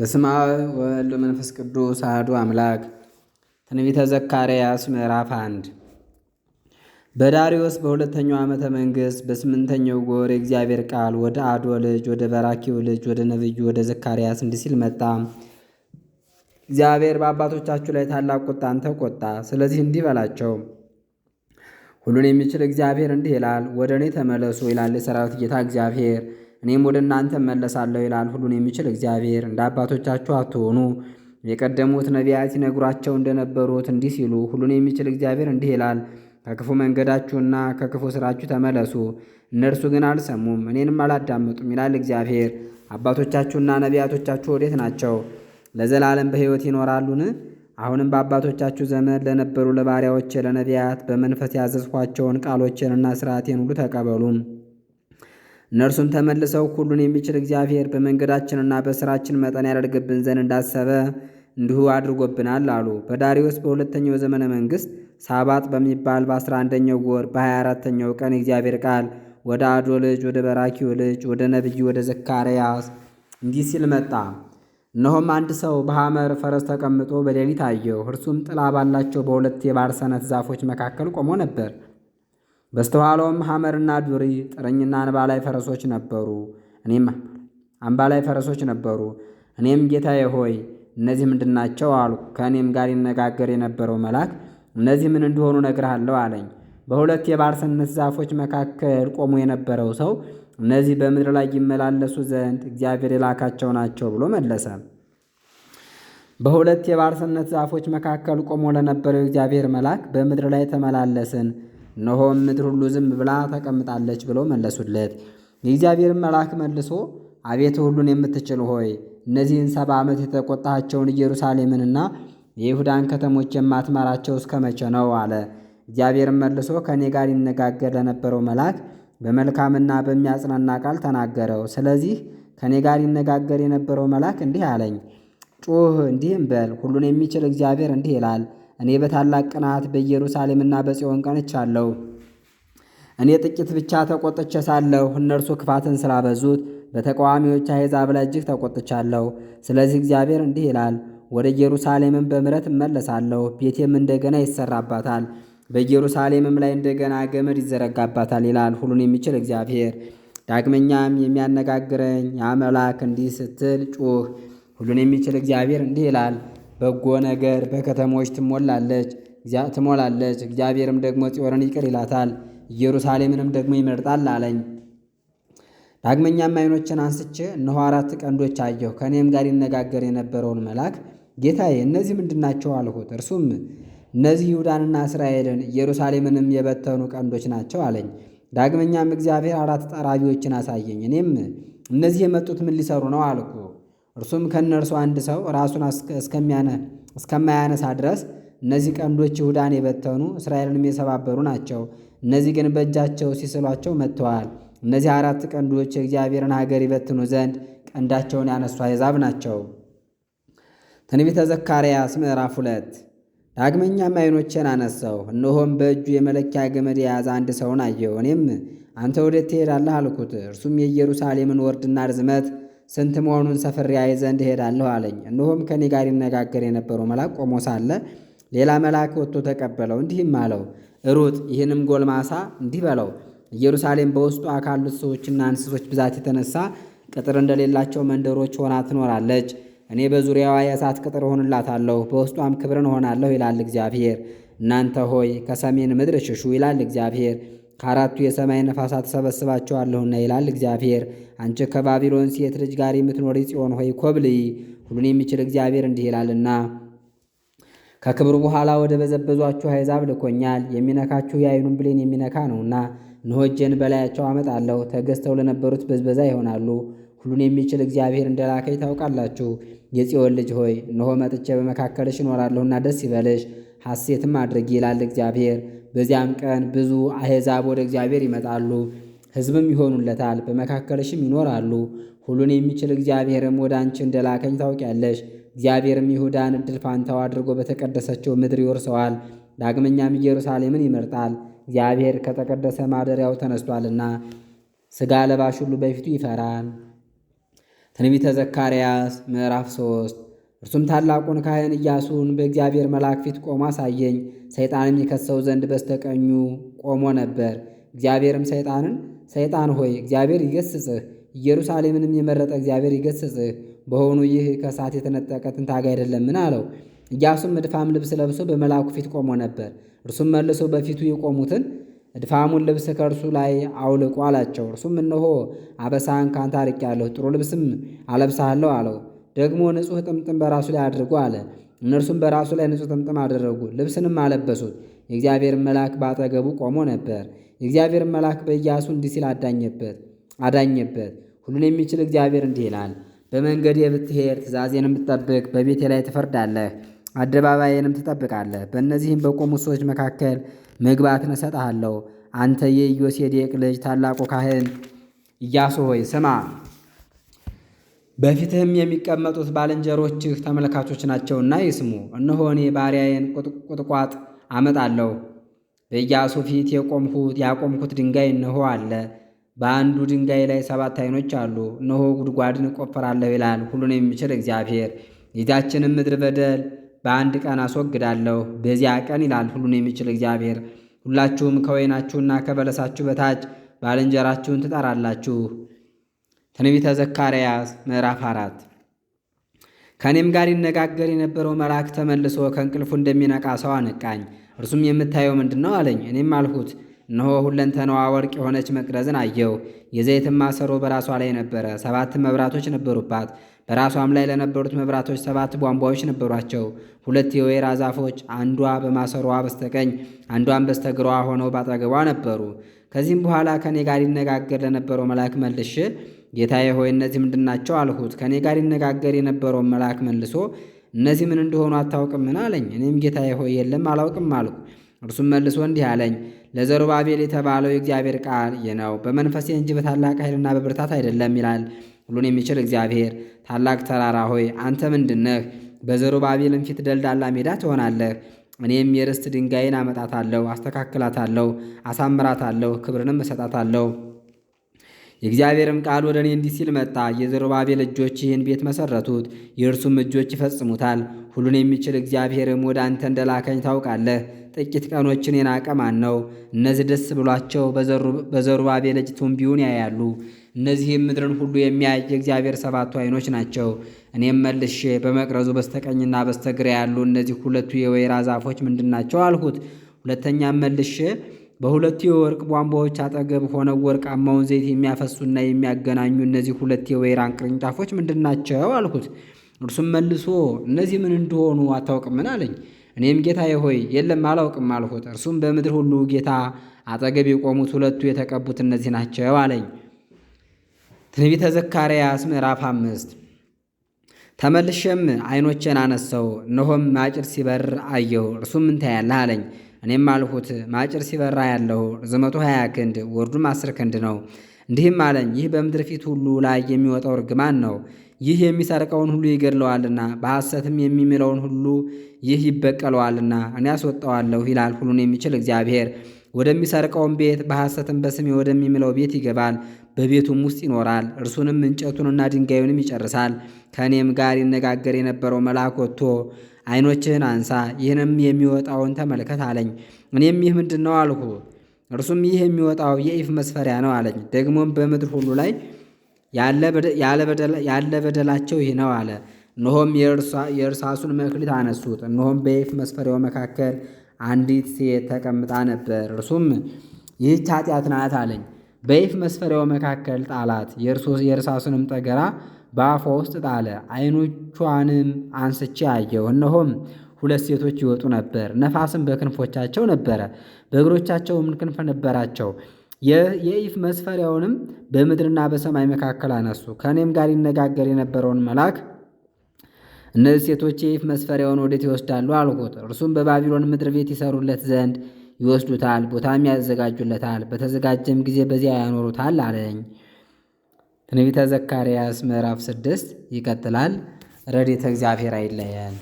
በስመ አብ ወወልድ ወመንፈስ ቅዱስ አሐዱ አምላክ። ትንቢተ ዘካርያስ ምዕራፍ አንድ በዳሪዮስ በሁለተኛው ዓመተ መንግሥት በስምንተኛው ወር የእግዚአብሔር ቃል ወደ አዶ ልጅ ወደ በራኪው ልጅ ወደ ነቢዩ ወደ ዘካርያስ እንዲህ ሲል መጣ። እግዚአብሔር በአባቶቻችሁ ላይ ታላቅ ቁጣን ተቆጣ። ስለዚህ እንዲህ በላቸው፣ ሁሉን የሚችል እግዚአብሔር እንዲህ ይላል፣ ወደ እኔ ተመለሱ ይላል የሰራዊት ጌታ እግዚአብሔር እኔም ወደ እናንተ እመለሳለሁ ይላል ሁሉን የሚችል እግዚአብሔር። እንደ አባቶቻችሁ አትሆኑ፣ የቀደሙት ነቢያት ይነግሯቸው እንደነበሩት እንዲህ ሲሉ፣ ሁሉን የሚችል እግዚአብሔር እንዲህ ይላል ከክፉ መንገዳችሁና ከክፉ ስራችሁ ተመለሱ። እነርሱ ግን አልሰሙም፣ እኔንም አላዳመጡም ይላል እግዚአብሔር። አባቶቻችሁና ነቢያቶቻችሁ ወዴት ናቸው? ለዘላለም በሕይወት ይኖራሉን? አሁንም በአባቶቻችሁ ዘመን ለነበሩ ለባሪያዎቼ ለነቢያት በመንፈስ ያዘዝኳቸውን ቃሎቼንና ስርዓቴን ሁሉ ተቀበሉም። እነርሱም ተመልሰው ሁሉን የሚችል እግዚአብሔር በመንገዳችንና በሥራችን መጠን ያደርግብን ዘንድ እንዳሰበ እንዲሁ አድርጎብናል አሉ። በዳሪዎስ በሁለተኛው ዘመነ መንግሥት ሳባጥ በሚባል በ11ኛው ወር በ 24 ተኛው ቀን የእግዚአብሔር ቃል ወደ አዶ ልጅ ወደ በራኪው ልጅ ወደ ነቢዩ ወደ ዘካርያስ እንዲህ ሲል መጣ። እነሆም አንድ ሰው በሐመር ፈረስ ተቀምጦ በሌሊት አየው። እርሱም ጥላ ባላቸው በሁለት የባርሰነት ዛፎች መካከል ቆሞ ነበር። በስተኋላውም ሐመርና ዱሪ ጥረኝና አንባላይ ፈረሶች ነበሩ። እኔም አንባላይ ፈረሶች ነበሩ። እኔም ጌታዬ ሆይ እነዚህ ናቸው? አልኩ። ከእኔም ጋር ይነጋገር የነበረው መልአክ እነዚህ ምን እንደሆኑ ነግርሃለሁ አለኝ። በሁለት የባርሰነት ዛፎች መካከል ቆሞ የነበረው ሰው እነዚህ በምድር ላይ ይመላለሱ ዘንድ እግዚአብሔር የላካቸው ናቸው ብሎ መለሰ። በሁለት የባርሰነት ዛፎች መካከል ቆሞ ለነበረው እግዚአብሔር መልአክ በምድር ላይ ተመላለስን እነሆም ምድር ሁሉ ዝም ብላ ተቀምጣለች ብለው መለሱለት። የእግዚአብሔርን መልአክ መልሶ አቤቱ ሁሉን የምትችል ሆይ እነዚህን ሰባ ዓመት የተቆጣሃቸውን ኢየሩሳሌምንና የይሁዳን ከተሞች የማትማራቸው እስከ መቼ ነው? አለ። እግዚአብሔርም መልሶ ከእኔ ጋር ይነጋገር ለነበረው መልአክ በመልካምና በሚያጽናና ቃል ተናገረው። ስለዚህ ከእኔ ጋር ይነጋገር የነበረው መልአክ እንዲህ አለኝ፣ ጩህ እንዲህም በል፣ ሁሉን የሚችል እግዚአብሔር እንዲህ ይላል እኔ በታላቅ ቅናት በኢየሩሳሌምና በጽዮን ቀንቻለሁ። እኔ ጥቂት ብቻ ተቆጥቼ ሳለሁ እነርሱ ክፋትን ስላበዙት በተቃዋሚዎች አሕዛብ ላይ እጅግ ተቆጥቻለሁ። ስለዚህ እግዚአብሔር እንዲህ ይላል፣ ወደ ኢየሩሳሌምም በምረት እመለሳለሁ፣ ቤቴም እንደገና ይሰራባታል፣ በኢየሩሳሌምም ላይ እንደገና ገመድ ይዘረጋባታል ይላል ሁሉን የሚችል እግዚአብሔር። ዳግመኛም የሚያነጋግረኝ ያ እንዲህ ስትል ጩህ ሁሉን የሚችል እግዚአብሔር እንዲህ ይላል በጎ ነገር በከተሞች ትሞላለች ትሞላለች። እግዚአብሔርም ደግሞ ጽዮንን ይቅር ይላታል፣ ኢየሩሳሌምንም ደግሞ ይመርጣል አለኝ። ዳግመኛም ዓይኖችን አንስቼ እነሆ አራት ቀንዶች አየሁ። ከእኔም ጋር ይነጋገር የነበረውን መልአክ ጌታዬ፣ እነዚህ ምንድናቸው አልሁት። እርሱም እነዚህ ይሁዳንና እስራኤልን ኢየሩሳሌምንም የበተኑ ቀንዶች ናቸው አለኝ። ዳግመኛም እግዚአብሔር አራት ጠራቢዎችን አሳየኝ። እኔም እነዚህ የመጡት ምን ሊሰሩ ነው አልኩ። እርሱም ከእነርሱ አንድ ሰው ራሱን እስከማያነሳ ድረስ እነዚህ ቀንዶች ይሁዳን የበተኑ እስራኤልንም የሰባበሩ ናቸው። እነዚህ ግን በእጃቸው ሲስሏቸው መጥተዋል። እነዚህ አራት ቀንዶች የእግዚአብሔርን ሀገር ይበትኑ ዘንድ ቀንዳቸውን ያነሱ አሕዛብ ናቸው። ትንቢተ ዘካርያስ ምዕራፍ ሁለት ዳግመኛም ዓይኖቼን አነሳሁ፣ እነሆም በእጁ የመለኪያ ገመድ የያዘ አንድ ሰውን አየሁ። እኔም አንተ ወዴት ትሄዳለህ አልኩት። እርሱም የኢየሩሳሌምን ወርድና ርዝመት ስንት መሆኑን ሰፍሬ ያይ ዘንድ እሄዳለሁ አለኝ። እነሆም ከእኔ ጋር ይነጋገር የነበረው መልአክ ቆሞ ሳለ ሌላ መልአክ ወጥቶ ተቀበለው፣ እንዲህም አለው ሩጥ፣ ይህንም ጎልማሳ እንዲህ በለው ኢየሩሳሌም በውስጧ ካሉት ሰዎችና እንስሶች ብዛት የተነሳ ቅጥር እንደሌላቸው መንደሮች ሆና ትኖራለች። እኔ በዙሪያዋ የእሳት ቅጥር እሆንላታለሁ፣ በውስጧም ክብርን እሆናለሁ ይላል እግዚአብሔር። እናንተ ሆይ ከሰሜን ምድር ሽሹ ይላል እግዚአብሔር። ከአራቱ የሰማይ ነፋሳት ሰበስባቸዋለሁና ይላል እግዚአብሔር። አንቺ ከባቢሎን ሴት ልጅ ጋር የምትኖሪ ጽዮን ሆይ ኮብልይ፣ ሁሉን የሚችል እግዚአብሔር እንዲህ ይላልና ከክብር በኋላ ወደ በዘበዟችሁ አሕዛብ ልኮኛል። የሚነካችሁ የዓይኑን ብሌን የሚነካ ነውና፣ እነሆ እጄን በላያቸው አመጣለሁ። ተገዝተው ለነበሩት በዝበዛ ይሆናሉ። ሁሉን የሚችል እግዚአብሔር እንደላከኝ ታውቃላችሁ። የጽዮን ልጅ ሆይ ንሆ መጥቼ በመካከልሽ እኖራለሁና ደስ ይበልሽ፣ ሐሴትም አድርጊ ይላል እግዚአብሔር። በዚያም ቀን ብዙ አሕዛብ ወደ እግዚአብሔር ይመጣሉ፣ ሕዝብም ይሆኑለታል፣ በመካከልሽም ይኖራሉ። ሁሉን የሚችል እግዚአብሔርም ወደ አንቺ እንደላከኝ ታውቂያለሽ። እግዚአብሔርም ይሁዳን እድል ፋንታው አድርጎ በተቀደሰችው ምድር ይወርሰዋል። ዳግመኛም ኢየሩሳሌምን ይመርጣል፣ እግዚአብሔር ከተቀደሰ ማደሪያው ተነስቷልና ሥጋ ለባሽ ሁሉ በፊቱ ይፈራል። ትንቢተ ዘካርያስ ምዕራፍ 3 እርሱም ታላቁን ካህን ኢያሱን በእግዚአብሔር መልአክ ፊት ቆሞ አሳየኝ። ሰይጣንም ይከሰው ዘንድ በስተቀኙ ቆሞ ነበር። እግዚአብሔርም ሰይጣንን ሰይጣን ሆይ እግዚአብሔር ይገስጽህ፣ ኢየሩሳሌምንም የመረጠ እግዚአብሔር ይገስጽህ። በሆኑ ይህ ከእሳት የተነጠቀ ትንታግ አይደለምን? አለው። ኢያሱም እድፋም ልብስ ለብሶ በመልአኩ ፊት ቆሞ ነበር። እርሱም መልሶ በፊቱ የቆሙትን እድፋሙን ልብስ ከእርሱ ላይ አውልቁ አላቸው። እርሱም እነሆ አበሳህን ካንተ አርቄአለሁ፣ ጥሩ ልብስም አለብሳለሁ አለው። ደግሞ ንጹሕ ጥምጥም በራሱ ላይ አድርጎ አለ። እነርሱም በራሱ ላይ ንጹሕ ጥምጥም አደረጉ፣ ልብስንም አለበሱት። የእግዚአብሔር መልአክ በአጠገቡ ቆሞ ነበር። የእግዚአብሔር መልአክ በኢያሱ እንዲህ ሲል አዳኘበት አዳኘበት ሁሉን የሚችል እግዚአብሔር እንዲህ ይላል፣ በመንገድ ብትሄድ ትእዛዜንም ብትጠብቅ በቤቴ ላይ ትፈርዳለህ፣ አደባባይንም ትጠብቃለህ። በእነዚህም በቆሙ ሰዎች መካከል መግባትን እሰጥሃለሁ። አንተ የኢዮሴዴቅ ልጅ ታላቁ ካህን ኢያሱ ሆይ ስማ። በፊትህም የሚቀመጡት ባልንጀሮችህ ተመልካቾች ናቸውና ይስሙ። እነሆ እኔ ባሪያዬን ቁጥቋጥ አመጣለሁ። በኢያሱ ፊት የቆምኩት ያቆምኩት ድንጋይ እነሆ አለ። በአንዱ ድንጋይ ላይ ሰባት ዓይኖች አሉ። እነሆ ጉድጓድን እቆፈራለሁ ይላል ሁሉን የሚችል እግዚአብሔር። የዚያችንም ምድር በደል በአንድ ቀን አስወግዳለሁ። በዚያ ቀን ይላል ሁሉን የሚችል እግዚአብሔር፣ ሁላችሁም ከወይናችሁና ከበለሳችሁ በታች ባልንጀራችሁን ትጠራላችሁ ትንቢተ ዘካርያስ ምዕራፍ አራት ከእኔም ጋር ይነጋገር የነበረው መልአክ ተመልሶ ከእንቅልፉ እንደሚነቃ ሰው አነቃኝ። እርሱም የምታየው ምንድን ነው አለኝ። እኔም አልሁት፣ እነሆ ሁለንተናዋ ወርቅ የሆነች መቅረዝን አየው። የዘይትም ማሰሮ በራሷ ላይ ነበረ፣ ሰባት መብራቶች ነበሩባት። በራሷም ላይ ለነበሩት መብራቶች ሰባት ቧንቧዎች ነበሯቸው። ሁለት የወይራ ዛፎች አንዷ በማሰሮዋ በስተቀኝ አንዷን በስተግሯ ሆነው ባጠገቧ ነበሩ። ከዚህም በኋላ ከእኔ ጋር ይነጋገር ለነበረው መልአክ መልሼ ጌታዬ ሆይ እነዚህ ምንድን ናቸው አልሁት። ከእኔ ጋር ይነጋገር የነበረውን መልአክ መልሶ እነዚህ ምን እንደሆኑ አታውቅምን አለኝ። እኔም ጌታዬ ሆይ የለም አላውቅም አልሁ። እርሱም መልሶ እንዲህ አለኝ፣ ለዘሩባቤል የተባለው የእግዚአብሔር ቃል ይህ ነው፣ በመንፈሴ እንጂ በታላቅ ኃይልና በብርታት አይደለም ይላል ሁሉን የሚችል እግዚአብሔር። ታላቅ ተራራ ሆይ አንተ ምንድነህ? በዘሩባቤልም ፊት ደልዳላ ሜዳ ትሆናለህ። እኔም የርስት ድንጋይን አመጣታለሁ፣ አስተካክላታለሁ፣ አሳምራታለሁ፣ ክብርንም እሰጣታለሁ። የእግዚአብሔርም ቃል ወደ እኔ እንዲህ ሲል መጣ። የዘሩባቤል እጆች ይህን ቤት መሰረቱት፣ የእርሱም እጆች ይፈጽሙታል። ሁሉን የሚችል እግዚአብሔርም ወደ አንተ እንደላከኝ ታውቃለህ። ጥቂት ቀኖችን የናቀ ማን ነው? እነዚህ ደስ ብሏቸው በዘሩባቤል እጅ ቱንቢውን ያያሉ። እነዚህም ምድርን ሁሉ የሚያይ የእግዚአብሔር ሰባቱ ዓይኖች ናቸው። እኔም መልሼ በመቅረዙ በስተቀኝና በስተግራ ያሉ እነዚህ ሁለቱ የወይራ ዛፎች ምንድናቸው? አልሁት። ሁለተኛም መልሼ በሁለቱ የወርቅ ቧንቧዎች አጠገብ ሆነው ወርቃማውን ዘይት የሚያፈሱና የሚያገናኙ እነዚህ ሁለት የወይራን ቅርንጫፎች ምንድን ናቸው አልኩት። እርሱም መልሶ እነዚህ ምን እንደሆኑ አታውቅምን አለኝ። እኔም ጌታዬ ሆይ የለም አላውቅም አልሁት። እርሱም በምድር ሁሉ ጌታ አጠገብ የቆሙት ሁለቱ የተቀቡት እነዚህ ናቸው አለኝ። ትንቢተ ዘካርያስ ምዕራፍ አምስት ተመልሼም ዓይኖቼን አነሳው፣ እነሆም ማጭድ ሲበር አየሁ። እርሱም ምን ታያለህ አለኝ። እኔም አልሁት ማጭር ሲበራ ያለው ርዝመቱ ሀያ ክንድ ወርዱም አስር ክንድ ነው። እንዲህም አለኝ ይህ በምድር ፊት ሁሉ ላይ የሚወጣው እርግማን ነው። ይህ የሚሰርቀውን ሁሉ ይገድለዋልና በሐሰትም የሚምለውን ሁሉ ይህ ይበቀለዋልና እኔ ያስወጣዋለሁ ይላል ሁሉን የሚችል እግዚአብሔር። ወደሚሰርቀውን ቤት በሐሰትም በስሜ ወደሚምለው ቤት ይገባል፣ በቤቱም ውስጥ ይኖራል። እርሱንም እንጨቱንና ድንጋዩንም ይጨርሳል። ከእኔም ጋር ይነጋገር የነበረው መልአክ ወጥቶ ዓይኖችህን አንሳ፣ ይህንም የሚወጣውን ተመልከት አለኝ። እኔም ይህ ምንድን ነው አልሁ። እርሱም ይህ የሚወጣው የኢፍ መስፈሪያ ነው አለኝ። ደግሞም በምድር ሁሉ ላይ ያለ በደላቸው ይህ ነው አለ። እነሆም የእርሳሱን መክሊት አነሱት። እነሆም በኢፍ መስፈሪያው መካከል አንዲት ሴት ተቀምጣ ነበር። እርሱም ይህች ኃጢአት ናት አለኝ። በኢፍ መስፈሪያው መካከል ጣላት። የእርሳሱንም ጠገራ በአፏ ውስጥ ጣለ። ዓይኖቿንም አንስቼ አየሁ፣ እነሆም ሁለት ሴቶች ይወጡ ነበር። ነፋስም በክንፎቻቸው ነበረ፣ በእግሮቻቸውም ክንፍ ነበራቸው። የኢፍ መስፈሪያውንም በምድርና በሰማይ መካከል አነሱ። ከእኔም ጋር ይነጋገር የነበረውን መልአክ እነዚህ ሴቶች የኢፍ መስፈሪያውን ወዴት ይወስዳሉ አልኩት። እርሱም በባቢሎን ምድር ቤት ይሰሩለት ዘንድ ይወስዱታል፣ ቦታም ያዘጋጁለታል፣ በተዘጋጀም ጊዜ በዚያ ያኖሩታል አለኝ። ትንቢተ ዘካርያስ ምዕራፍ ስድስት ይቀጥላል። ረድኤተ እግዚአብሔር አይለየን።